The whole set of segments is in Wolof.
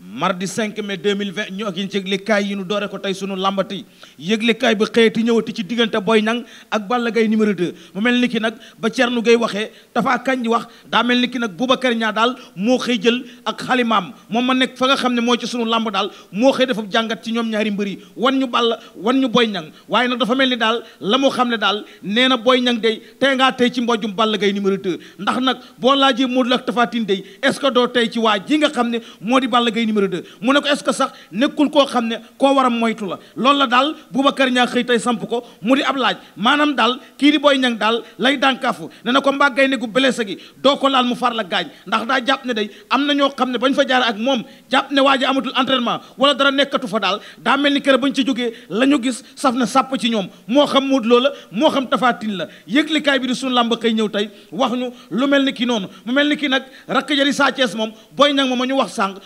mardi 5 mai 2020 ñoo ngi ci yëglekaay yi ñu doore ko tey sunu làmbati yëglekaay bi xëyati ñëwati ci diggante Boy Niang ak Balla gay numéro 2 mu mel ni ki nag ba Thierno Gueye waxee dafa kañ di wax daa mel ni ki nag Boubacar Niang daal moo xëy jël ak xalimaam moom ma nekk fa nga xam ne mooy ci suñu làmb daal moo xëy dafa jàngat ci ñoom ñaari mbëri wan ñu Balla wan ñu Boy Niang waaye nag dafa mel ni daal la moo xam ne daal nee na Boy Niang day tey ngaa tey ci mbojum Balla gay numéro 2 ndax nag boo laajee Modou Lo ak Tapha Tine day est-ce que doo tey ci waa ji nga xam ne moo di Balla Gaye mooy numéro 2 mu ne ko est ce sax nekkul koo xam ne koo war a moytu la loolu la daal Boubacar ñaa xëy tey samp ko mu di ab laaj maanaam daal kii di Boy Niang daal lay dànkaafu ne na ko mbaa gaynde gu blessé gi doo ko laal mu far la gaañ ndax daa jàpp ne day am na ñoo xam ne bañ fa jaare ak moom jàpp ne waa ji amatul entraînement wala dara nekkatu fa daal daa mel ni kër bañ ci jógee la ñu gis saf na sàpp ci ñoom moo xam Modou Lo la moo xam Tapha Tine la yëglikaay bi di suñu làmb xëy ñëw tey wax ñu lu mel ni ki noonu mu mel ni ki nag rakk Sa Thiès moom Boy Niang moom ma wax sànq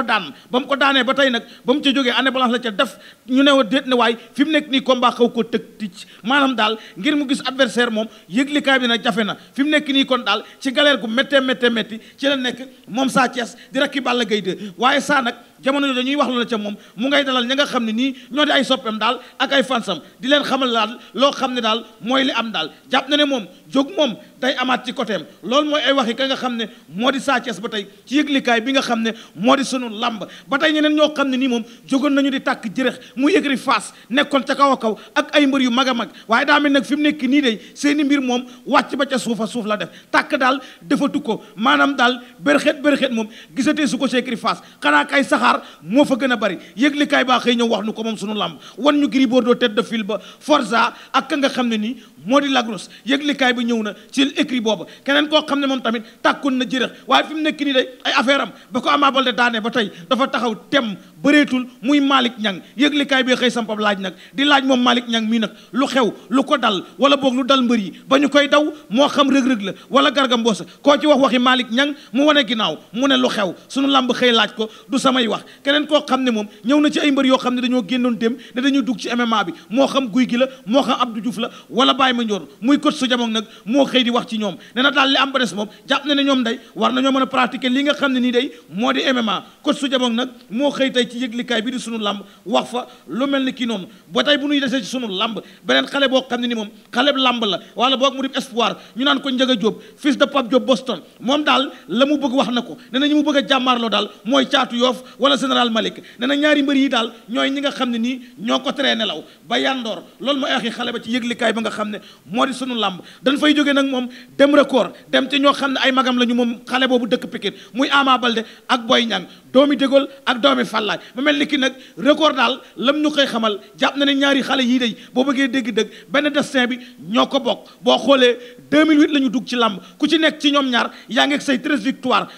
ko daan ba mu ko daanee ba tey nag ba mu ca jógee année blanche la ca def ñu ne wa déet ne waay fi mu nekk nii combat xaw ko tëg tic maanaam daal ngir mu gis adversaire moom yëglikaay bi nag jafe na fi mu nekk nii kon daal ci galère gu méttee méttee métti ci la nekk moom Sa Thiès di rakki Balla Gaye 2 waaye saa nag jamono yooyu ñuy wax loola ca moom mu ngay dalal ña nga xam ne nii ñoo di ay soppem daal ak ay fansam di leen xamal laal loo xam ne daal mooy li am daal jàpp na ne moom jóg moom day amaat ci côté am loolu mooy ay waxi ka nga xam ne moo di Sa Thiès ba tey ci yëglikaay bi nga xam ne moo di sunu làmb ba tey ñeneen ñoo xam ne nii moom jógoon nañu di tàkk jërëx mu yëgri faas nekkoon ca kaw a kaw ak ay mbër yu mag a mag waaye daa mel nag fi mu nekk nii day seeni mbir moom wàcc ba ca suufa suuf la def tàkk daal defatu ko maanaam daal bërxet bërxet moom gisatee su ko xaar moo fa gën a bari yëglikaay baa xëy ñëw wax nu ko moom sunu làmb wan ñu Gris Bordeaux tête de file ba Forza ak ka nga xam ne nii moo di lagros yëglikaay bi ñëw na ci écrit booba keneen koo xam ne moom tamit tàkkoon na jërëx waaye fi mu nekk nii day ay affaire am ba ko Ama Baldé daanee ba tey dafa taxaw tem bëreetul muy maalik ñang yëglikaay bi xëy sampab laaj nag di laaj moom Malick Niang mii nag lu xew lu ko dal wala boog lu dal mbër yi ba ñu koy daw moo xam rëg-rëg la wala garga mboosa koo ci wax waxi Malick Niang mu wane ginnaaw mu ne lu xew sunu làmb xëy laaj ko du samay wax wax keneen koo xam ne moom ñëw na ci ay mbër yoo xam ne dañoo génnoon dem ne dañoo dugg ci MMA bi moo xam guy gi la moo xam Abdou Diouf la wala ma Mandione muy coach su jamoon nag moo xëy di wax ci ñoom ne na daal li am ba des moom jàpp na ne ñoom day war nañoo mën li nga xam ne nii day moo di MMA coach su nag moo xëy tey ci yëglikaay bi di sunu làmb wax fa lu mel ni kii noonu ba tey bu ñuy desee ci sunu làmb beneen xale boo xam ne ni moom làmb la wala boog mu di espoir ñu naan ko Ndiaga Diop fils de Pape Diop Boston moom daal la mu bëgg wax na ko ne na ñu mu bëgg a jàmmaarloo daal mooy caatu yoof wala général Malick nee ñaari mbër yi daal ñooy ñi nga xam ne nii ñoo ko teree nelaw ba yandoor loolu mooy axi xale ba ci yëglikaay ba nga xam ne moo di sunu làmb dañ fay jógee nag moom dem record dem ci ñoo xam ne ay magam la ñu moom xale boobu dëkk Pikine muy Ama Balde ak Boy Niang doomi Dégol ak doomi Fallaay mu mel ni ki nag record daal lam ñu la ñu dugg ci làmb ku ci nekk ci ñoom ñaar yaa ngi ak say 13 ba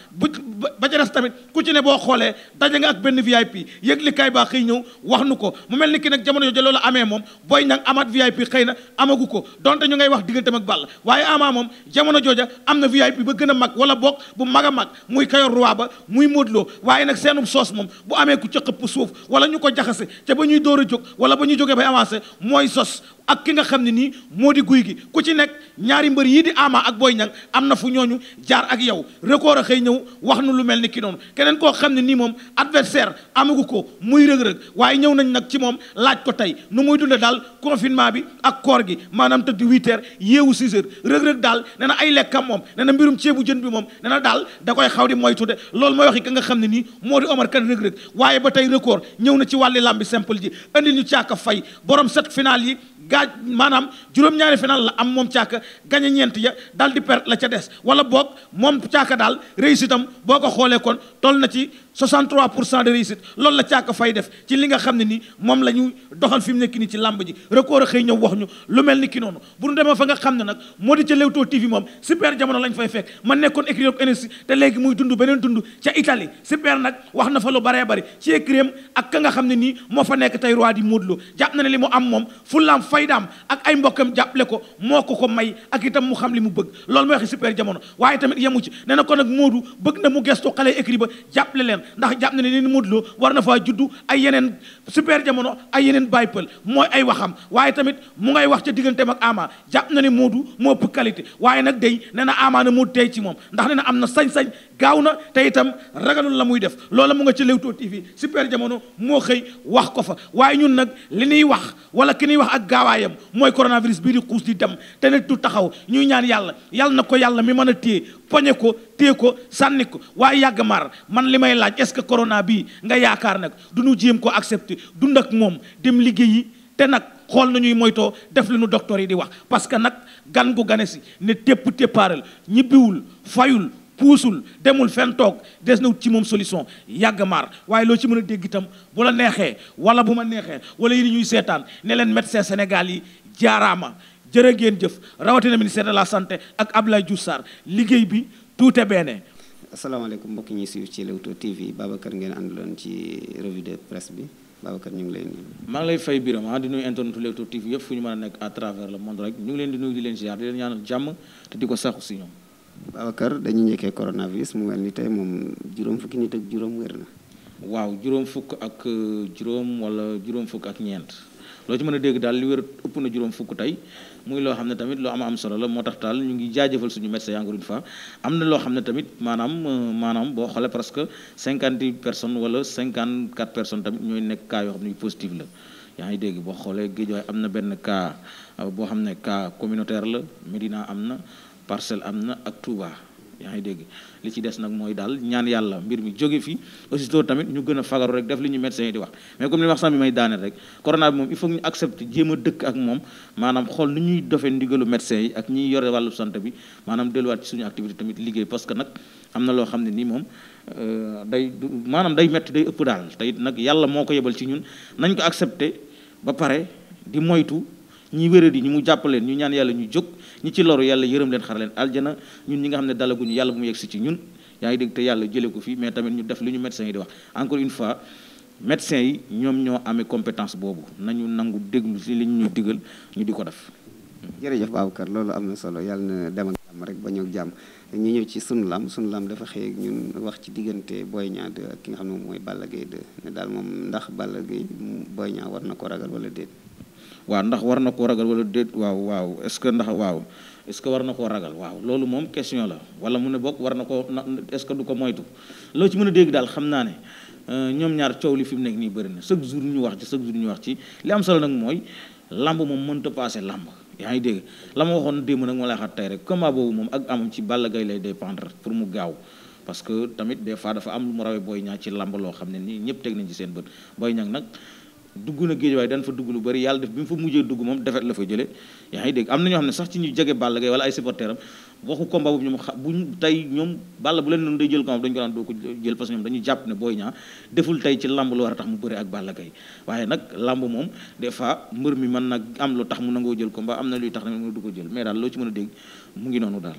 ca tamit ku ci ne boo xoolee daje nga ak benn VIP yëgle kaay baa xëy ñëw wax nu ko mu mel ni ki nag jamono jooju loolu amee moom Boy Niang amaat VIP xëy na amagu ko donte ñu ngay wax digganteem ak Balla waaye Ama moom jamono jooja am na VIP ba gën a mag wala boog bu mag a mag muy Kayor Roi ba muy Modou Lo waaye nag seenum soos moom bu amee ku cëq xëpp suuf wala ñu ko jaxase te ba ñuy door a jóg wala ba ñu jógee bay avancé mooy sos ak ki nga xam ne nii moo di guy gi ku ci nekk ñaari mbër yii di Ama ak booy Niang am na fu ñooñu jaar ak yow record a xëy ñëw wax nu lu mel ni ki noonu keneen koo xam ne nii moom adversaire amagu ko muy rëg-rëg waaye ñëw nañ nag ci moom laaj ko tey nu muy dunde daal confinement bi ak koor gi maanaam tëdd huit heures yeewu six rëg-rëg daal nee na ay lekkam moom nee na mbirum ceebu jën bi moom nee daal da koy xaw di moytu de loolu mooy waxi ki nga xam ne nii moo di Omar Kane rëg-rëg ba tey record ñëw na ci wàlli làmbi simple ji ñu caaka fay borom set final yi gaa maanaam juróom-ñaari final la am moom caaka gañ a ñeent ya daal di perte la ca des wala boog moom caaka daal réussite boo ko xoolee kon toll na ci 63 pour cent de loolu la càkk fay def ci li nga xam ne ni moom la ñu doxal fi mu nekk nii ci làmb ji record a xëy ñëw wax lu mel ni ki noonu bu ñu demee fa nga xam ne nag moo di ca Leewtoo TV moom super jamono lañ fay fekk man nekkoon écrit ak énergie te léegi muy dund beneen dund ca Italie super nag wax na fa lu baree bari ci écrim ak ka nga xam ne nii moo fa nekk tey roi di Modou Lo jàpp na ne li mu am moom fullaam faydaam ak ay mbokkam jàppale ko moo ko ko may ak itam mu xam li mu bëgg loolu mooy waxi super jamono waaye tamit yemu ci nee na ko nag Modou bëgg na mu gestu xale écrit ba jàppale leen ndax jàpp na ne ni Modou Lo war na faa juddu ay yeneen super jamono ay yeneen baypal mooy ay waxam waaye tamit mu ngay wax ca digganteem ak Ama jàpp na ne Modou moo ëpp qualité waaye nag day nee na Ama na Modou tey ci moom ndax nee na am na sañ-sañ gaaw na te itam ragalul la muy def loola mu nga ci Leewtoo TV super jamono moo xëy wax ko fa waaye ñun nag li ñuy wax wala ki nuy wax ak gaawaayam mooy coronavirus bii di xuus di dem te ne tu taxaw ñuy ñaan yàlla yàlla na ko yàlla mi mën a téye poñe ko téye ko sànni ko waaye yàgg mar man li may laaj est-ce que corona bi nga yaakaar nag du ñu jéem ko accepter dund ak moom dem liggéey liggéeyi te nag xool na ñuy moytoo def li nu yi di wax parce que nag gan gu gane si ne tépp téppaaral ñibbiwul fayul puusul demul fenn toog des na wut ci moom solution yàgg maar waaye loo ci mën a dégg itam bu la neexee wala bu ma neexee wala yi ñuy seetaan ne leen médecin Sénégal yi jaaraama jërë ngeen jëf rawatina ministère de la santé ak Abdoulaye Diouf Sarr liggéey bi tuute benn. asalaamaaleykum mbokk ñi siiw ci Leewtoo TV Babacar ngeen loon ci revue de presse bi. Babacar ñu ngi lay nuyu. maa ngi lay fay biram ah di nuyu internet Leewtoo TV yëpp fu ñu mën a nekk à travers le monde rek ñu ngi leen di nuyu di leen ziar di leen ñaanal jàmm te di ko saxu si ñoom. Babacar dañuy njëkkee coronavirus mu mel ni tey moom juróom fukki nit ak juróom wér na. waaw juróom fukk ak euh, juróom wala juróom fukk ak ñeent. loo ci mën a dégg daal li wér ëpp na juróom fukk tey muy loo xam ne tamit lu am am solo la moo tax daal ñu ngi jaajëfal suñu médecin encore une fois am na loo xam ne tamit maanaam euh, maanaam boo xoolee presque cinquante personnes wala cinquante quatre personnes tamit ñooy nekk cas yoo xam ne positif la yaa ngi dégg boo xoolee Guédiawaye am na benn kaa euh, boo xam ne kaa communautaire la Médina am na parcelle am na ak tuuba yaa ngi dégg li ci des nag mooy daal ñaan yàlla mbir mi jóge fi aussitôt tamit ñu gën fagaru rek def li ñu médecins yi di wax mais comme li wax sànq bi ak moom maanaam xool ni ñuy defee ndigalu médecins yi ak ñiy yore wàllu santé bi maanaam delluwaat ci suñu activité tamit liggéey parce que nag am na loo xam ne nii moom euh, day maanaam day metti day ëpp daal te it nag yàlla moo ko yebal ci ñun nañ ko accepter ba pare di moytu ñi wéradi ñu mu jàppaleen ñu ñaan yàlla ñu jóg ñi ci loru yàlla yërëm leen xar leen aljana ñun ñi nga xam ne dalaguñu yàlla bu mu yegsi ci ñun yaa ngi dégg te yàlla jëlee ko fii mais tamit ñu def li ñu médecins yi di wax encore une fois médecins yi ñoom ñoo ame compétence boobu nañu nangu déglu si li ñu digal ñu di ko def jërëjëf Babacar loolu am na solo yàlla na dem ak jàmm rek ba ñëw jàmm ñu ñëw ci sunu lam sunu lam dafa xëy ñun wax ci diggante Boy Niang 2 ak ki nga xam ne mooy Balla Gaye 2 daal moom ndax Balla Gaye Boy Niang war na ko ragal wala waaw ndax war na koo ragal wala déet waaw waaw est-ce que ndax waaw est-ce que war na koo ragal waaw loolu moom question la wala mu ne bokk war na koo est-ce que du ko moytu loo ci mën a dégg daal xam naa ne euh, ñoom ñaar coow li fi mu nekk nii bëri na chaque jour ñu wax ci chaque jour ñu wax ci li am solo nag mooy lamb moom mënta passé lamb yaa ngi dégg la ma waxoon démb nag ma lay xaar tey rek combat boobu moom ak amam ci Balla Gaye lay dépendre pour mu gaaw parce que tamit des fois dafa am lu mu rawee Boy Niang ci lamb loo xam ne nii ñëpp teg nañ ci seen bët Boy Niang nag dugg na géej waaye daan fa dugg lu bëri yàlla def bi mu fa mujjee dugg moom defet la fa jëlee yaa ngi dégg am na ñoo xam ne sax ci ñu jege Balla Gaye wala ay supporteram waxu combat boobu ñoom xa ñoom Balla bu leen noonu day jël combat dañu ko daan doo ko jël parce que ñoom jàpp ne Boy Niang deful tey ci làmb lu war a tax mu bëri ak Balla Gaye waaye nag lamb moom des fois mbër mi man nag am lu tax mu nangoo jël combat am na luy tax ne mën du ko jël mais daal loo ci mën a dégg mu ngi noonu daal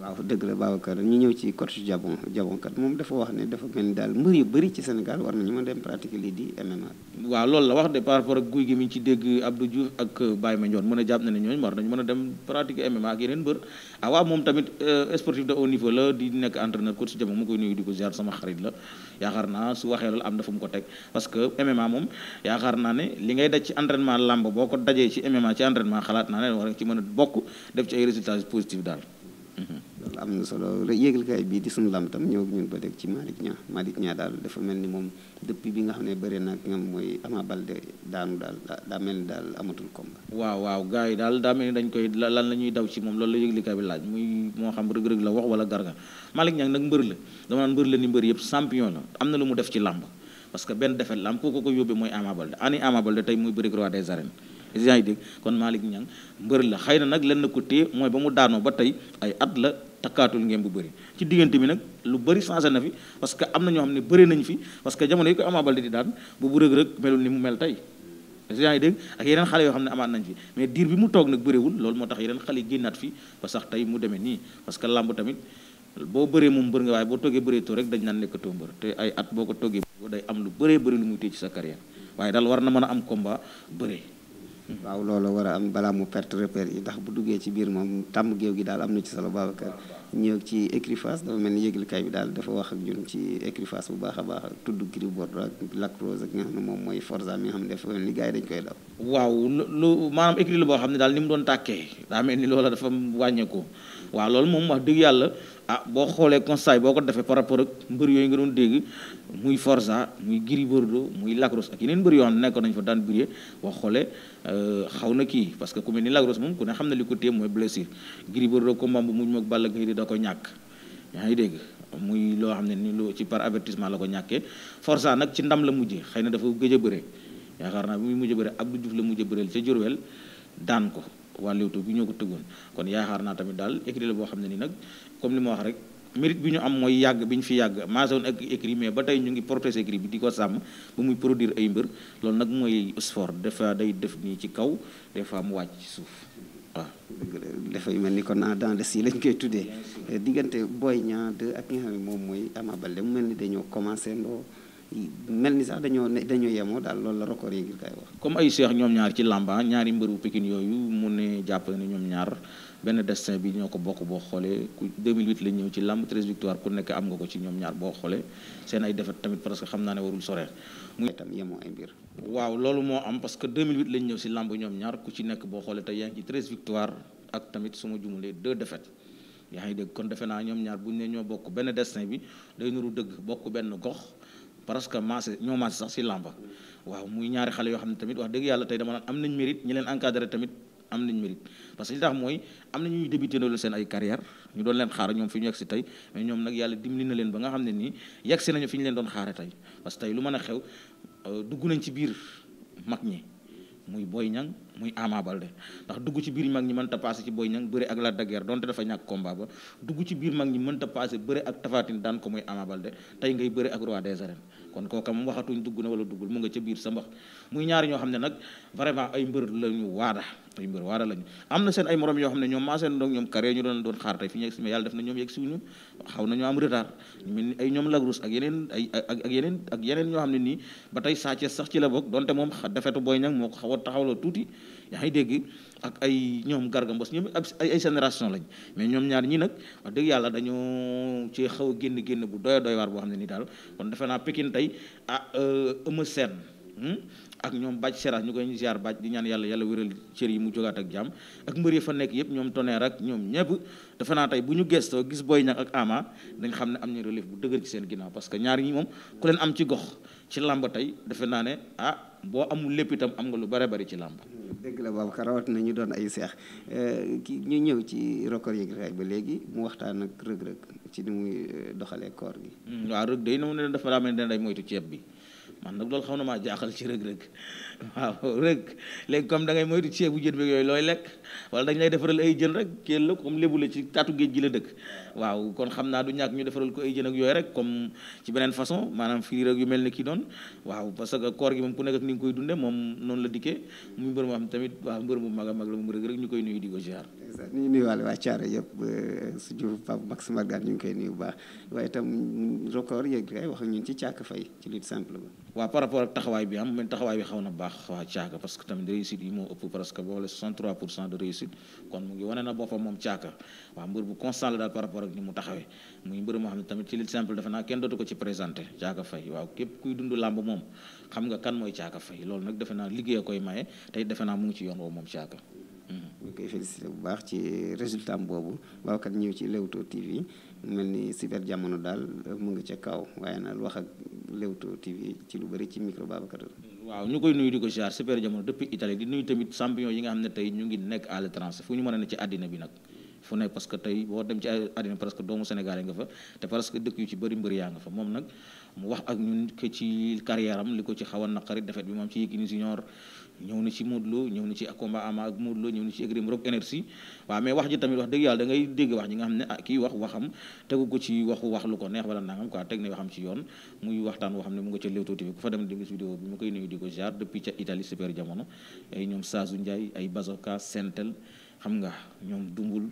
waaw dëgg la Babacar ñu ñëw ci coach Jabon Jabon kat moom dafa wax ne dafa mel daal mbër yu bëri ci Sénégal war nañu mën dem pratiquer lii di MMA. waaw loolu la wax de par rapport ak guy gi ci dégg Abdou Diouf ak Baye Mandione mën a jàpp ne ne ñooñu war nañu mën a dem pratiquer MMA ak yeneen mbër ah waaw moom tamit euh, sportif de haut niveau la di nekk entraîneur coach Jabon mu koy nuyu di ko ziar sama xarit la yaakaar naa su waxee loolu am na mu ko teg parce que MMA moom yaakaar naa ne li ngay daj ci entraînement làmb boo ko dajee ci MMA ci entraînement xalaat naa ne a bokk def ci ay résultats positifs daal am na solo yéegalkaay bii di suñu lam tam ñëw ñun ba léegi ci Malick Niang Malick dafa mel ni moom depuis bi nga xam ne bëri na ak ñoom mooy Ama Baldé daa mel ni daal amatul combat waaw waaw gars yi daal daa mel koy lan la ñuy daw ci moom loolu la yéegalkaay bi laaj muy moo xam rëg-rëg la wax wala garga Malick Niang nag mbër la dama naan mbër la ni mbër yëpp champion la am na lu mu def ci làmb parce que benn defet la am ko yóbbee mooy Ama Baldé ani Ama Baldé tey muy bëri roi kon Malick Niang mbër la xëy na nag lenn ko téye mooy ba mu daanoo ba tey ay at la takkaatul ngeen bu bëri ci diggante bi nag lu bëri changé na fi parce que am na ñoo xam ne bëri nañ fi parce que jamono yi ko di daan boobu Reug ni mu mel tey yaa ngi ak yeneen xale yoo xam ne amaat nañ fi mais diir bi mu toog nag bëriwul loolu moo tax yeneen xale yi génnaat fi ba sax tey mu demee nii parce que làmb tamit boo bëree moom mbër nga waaye boo toggee bëree too rek dañ naan nekkatoo mbër te ay at boo ko toggee day am lu bëree bëri lu muy téye ci sa carrière waaye daal war na mën a am komba bëree waaw loolu war a am balaa mu perte repère yi ndax bu duggee ci biir moom tàmm géew gi daal am na ci solo Babacar ñëw ci écurie dafa mel ni yëglikaay bi daal dafa wax ak ñun ci écurie Fass bu baax a baax ak tudd Gris boot ak Lac Rose ak nga xam ne moom mooy Forza mi nga xam ne dafa mel ni gars dañ koy daw waaw lu maanaam écurie la boo xam ne daal ni mu doon tàkkee daa mel ni loola dafa wàññeeku waaw loolu moom wax dëgg yàlla ah boo xoolee constat boo ko defee par rapport ak mbër yooyu nga doon dégg muy Forza muy Gris Bordeaux muy Lac Rose ak yeneen mbër yoo xam ne nekkoon nañ fa daan bëree boo xoolee euh, xaw na kii parce que ku mel ni Lac moom ku ne xam na li ko téye mooy blessure Gris Bordeaux combat bu mujj moog Balla Gaye di da ko ñàkk yaa ngi dégg muy loo xam ne ni lu ci par avertissement la ko ñàkkee Forza nag ci ndam la mujjee xëy na dafa gëj a bëree yaakaar naa bi muy mujj a bëree la mujj a bëreel ca Diourbel daan ko waa Leewtoo bi ñoo ko tëggoon kon yaakaar naa tamit daal écrit la boo xam ne ni nag comme li ma wax rek mérite bi ñu am mooy yàgg bi ñu fi yàgg maasoon ak écrit mais ba tey ñu ngi protéger écrit bi di ko sàmm ba muy produire ay mbër loolu nag mooy sport des fois day def nii ci kaw des fois mu wàcc ci suuf waaw. dafay mel ni kon dans le si lañ koy tuddee diggante booy Niang 2 ak nga xam moom mooy Ama Baldé mu mel ni dañoo commencé ndoo mel ni sax dañoo dañoo yemoo daal loolu la record yi kay wax. comme ay seex ñoom ñaar ci làmba ñaari mbëru Pikine yooyu mu ne jàpp ne ñoom ñaar benn destin bi ñoo ko bokk boo xoolee ku 2008 la ñëw ci làmb 13 victoire ku nekk am ko ci ñoom ñaar boo xoolee seen ay défaite tamit parce que xam naa ne warul soree. muy tam yemoo ay mbir. waaw loolu moo am parce que 2008 lañ ñëw si làmb ñoom ñaar ku ci nekk boo xoolee te yaa ngi ci 13 victoire ak tamit suma jumulee deux défaites. yaa ngi dégg kon defe naa ñoom ñaar buñ ne ñoo bokk benn destin bi day nuru dëgg bokk benn gox. parce que maase ñoo maase sax si làmba waaw muy ñaari xale yoo xam ne tamit wax dëgg yàlla tey dama naan am nañ mérite ñi leen encadré tamit am nañ mérite parce que li tax mooy am na ñuy débuté loolu seen ay carrière ñu doon leen xaar ñoom fi ñu si tey mais ñoom nag yàlla dimbali na leen ba ne nii yegg si nañu fi ñu leen doon xaare tey parce que a xew euh, dugg nañ ci biir mag ñi muy Boy Niang muy Ama Baldé ndax dugg ci biir mag ñi mënta passé ci Boy Niang bëre ak Lac de Guiers donte dafa ñàkk combat ba dugg ci biir mag ñi mënta passé bëre ak Tapha Tine daan ko muy Ama Baldé tey ngay bëre ak roi des arènes kon kooka moom waxatuñ dugg na wala duggul mu nga ca biir sa mbax muy ñaari ñoo xam ne nag vraiment ay mbër lañu waada ay mbër waada lañu am na seen ay morom yoo xam ne ñoom ma seen doog ñoom carré ñu doon doon xaar tey fi ñu yegsi mais yàlla def na ñoom yegg siwuñu xaw nañu am retard mel ni ay ñoom lagrus ak yeneen ay ak yeneen ak ñoo xam ne nii ba tey Sa sax ci la bokk donte moom defetu booy Niang moo ko xaw a taxawloo tuuti yaa ngi dégg ak ay ñoom Garga Mbossé ñoom ay ay génération lañ mais ñoom ñaar ñi nag wax dëgg yàlla dañoo ci xaw génn génn bu doy doy waar boo xam ne nii daal kon defe naa Pikine tey ah euh, Eumeu Sène hmm, ak ñoom bàcc ñu koy ziar bàcc di ñaan yàlla yàlla wéral cër yi mu jógaat ak jàmm ak mbër yi fa nekk yëpp ñoom tonnerre ak ñoom ñëpp defe naa tey bu ñu gestoo gis booy Niang ak Ama dañ xam ne am ñu relief bu dëgër ci seen ginnaaw parce que ñaar ñi moom ku leen am ci gox ci làmb tey defe naa ne ah boo amul lépp itam am nga lu bare bari ci làmb dëgg la boobu rawat na ñu doon ay seex euh, ki ñu ñëw ci record yëg rek ba léegi mu waxtaan ak Reug Reug ci ni muy euh, doxalee koor gi mm, waaw Reug day na mu ne dafa daa ne day moytu ceeb bi man nag loolu xam na maa jaaxal ci rëg-rëg waaw rëg léegi comme da ngay moytu ceebu jën bi yooyu looy lekk wala dañ lay defaral ay jën rek kéel la comme lébu la ci taatu géej gi la dëkk waaw kon xam naa du ñàkk ñu defaral ko ay jën ak yooyu rek comme ci beneen façon maanaam fii rek yu mel ni kii doon waaw parce que koor gi moom ku nekk ak ni nga koy dunde moom noonu la dikkee muy mbër am tamit waaw mbër mu mag a mag la mu rëg rek ñu koy nuyu di ko ziar ñu nuyu waale waa Thiaré yëpp suñu Pape Max Margan ñu ngi koy nuyu bu baax waaye itam record yëg kay wax ñun ci càkk fay ci lutte simple ba waaw par rapport ak taxawaay bi am man taxawaay bi xaw na baax waa caaka parce que tamit réussite yi moo ëpp presque boole 63 pour cent de réussite kon mu ngi wane na boppam moom caaka waaw mbër bu constant la daal par rapport ak ni mu taxawee muy mbër moo xam nga kan mooy caaka fay loolu nag defe naa liggéey koy maye tey defe naa mu ngi ci yoon woowu moom caaka hmm. ñu koy félicité bu baax ci résultat am boobu baaxkat ñëw ci Leewtoo TV mel ni cyber jamono daal mu ngi ca kaw waaye nag wax Leewtoo TV ci lu bëri ci micro Babacar waaw ñu koy nuyu ko ziar super jamono depuis Italie di nuyu tamit champion yi nga xam ne tey ñu ngi nekk à l'étranger fu ñu mën a ne ci àddina bi nag fu ne parce que tey boo dem ci àddina parce que doomu Sénégal yi nga fa te parce que dëkk yu ci bëri mbëri yaa nga fa moom nag mu wax ak ñun que ci carrière li ko ci xaw a naqari defet bi moom ci Yékini Junior ñëw na ci Modou Lo ñëw na ci combat ama ak Modou Lo ñëw na ci Gris Rock énergie waaw mais wax ji tamit wax dëgg yàlla da ngay dégg wax ji nga xam ne ah kii wax waxam tegu ko ci waxu wax lu ko neex wala nangam quoi teg na yoo xam ci yoon muy waxtaan woo ne mu nga ca Leewtoo TV ku fa dem dem gis vidéo bi mu koy nuyu di ko jaar depuis ca Italie super jamono ay xam nga ñoom dumbul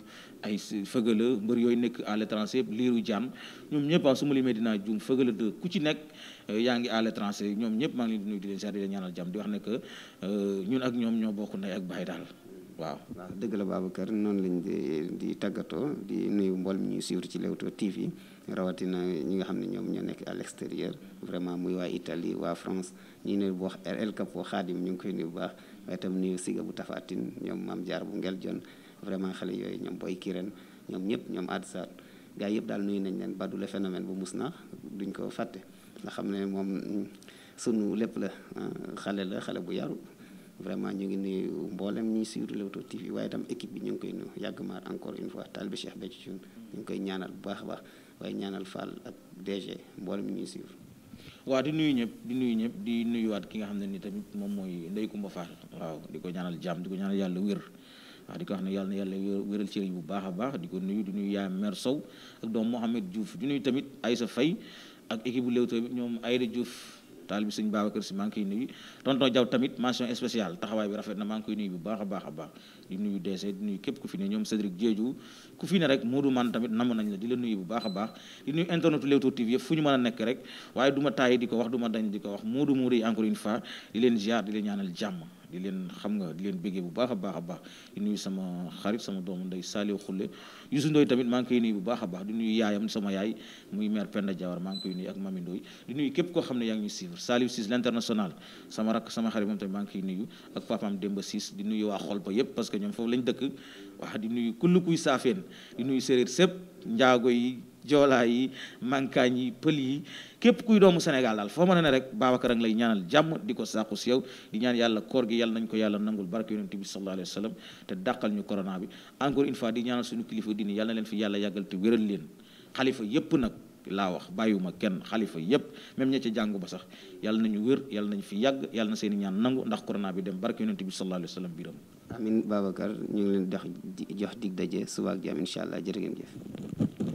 ay fëgala mbër yooyu nekk à l'étranger liiru jàmm ñoom ñëpp ah, su ma limee dinaa juum fëgala de ku ci nekk euh, yaa ngi à l'étranger ñoom ñëpp maa ngi di nuyu di leen di leen ñaanal di wax ne que euh, ñun ak ñoom ñoo bokk ndey ak baay daal waaw. waaw dëgg la kër noonu lañu di taggatoo di nuyu mbool mi ñuy suivre ci Leewtoo TV rawatina ñi nga xam ne ñoom ñoo nekk à l'extérieur vraiment muy waa Italie waa France ñi ne bu wax El Capo Xaadim ñu ngi koy nuyu bu baax. waaye itam nuyu siga bu tafaatin ñoom maam jaar bu ngel jon vraiment xale yooyu ñoom boy kiren ñoom ñëpp ñoom adsaat gars yëpp daal nuyu nañ leen Badou le phénomène bu mus na duñ ko fàtte nga xam ne moom sunu lépp la ah, xale la xale bu yaru vraiment ñu ngi nuyu mboolem ñi suivre Leewtoo TV waaye tam équipe bi ñu ngi koy nuyu yàgg maar encore une fois taalibe Cheikh Béthio Thioune ñu ngi koy ñaanal bu baax baax waaye ñaanal Fall ak DG mboolem ñu suivre waaw di nuyu ñëpp di nuyu ñëpp di nuyuwaat ki nga xam ne ni tamit moom mooy Ndeye Coumba Fall waaw di ko ñaanal jàmm di ko ñaanal yàlla wér waaw di ko wax ne yàlla na yàlla wéral cëriñ bu baax a baax di ko nuyu di nuyu yaay mère Sow ak doom Mohamed Diouf di nuyu tamit ay sa Faye ak équipe bu Leewtoo ñoom Aïda Diouf taalibi sëñ Babacar si maa ngi koy nuyu tonton Diaw tamit mention spéciale taxawaay bi rafet na maa ngi koy nuyu bu baax a baax a baax di nuyu DC di nuyu képp ku fi ne ñoom Cédric Diédhiou ku fi ne rek Modou man tamit namm nañ la di la nuyu bu baax a baax di nuyu internet Leewtoo TV fu ñu mën a nekk rek waaye du ma tàyyi di ko wax du ma dañ di ko wax Modou Modou yi encore une fois di leen ziar di leen ñaanal jàmm di leen xam nga di leen béggee bu baax a baax a baax di nuyu sama xarit sama doom ndey Saliou Khoule Youssou Ndoye tamit maa ngi koy nuyu bu baax a baax di nuyu yaayam sama yaay muy mère Penda Diawar maa ngi koy nuyu ak Mami Ndoye képp koo xam ne yaa ngi ñu suivre Saliou Ciss l'international sama rakk sama xarit moom tamit maa ngi koy nuyu ak papaam Demba Ciss di nuyu waa xol ba yépp parce que ñoom foofu lañ dëkk wax di nuyu kull kuy saafeen di nuyu séeréer sépp njaago yi joolaa yi mankaañ yi pël yi képp kuy doomu Sénégal daal foo mën a ne rek Babacar a lay ñaanal jàmm di ko sàqu si yow di ñaan yàlla koor gi yàlla nañ ko yàlla nangul barke yonent bi sallallahu alayhi wa sallam te dàqal ñu corona bi encore une fois di ñaanal suñu kilifa diine yàlla leen fi yàlla yàggal te leen xalifa yépp nag laa wax bàyyiwuma kenn xalifa yépp même ña ca jàngu ba sax yàlla nañu wér yàlla nañu fi yàgg yàlla na ñaan nangu ndax corona bi dem barke yonent bi sallallahu alayhi wa sallam biiram amin ñu ngi leen dox jox dig daje suba ak jàmm allah jërë ngeen jëf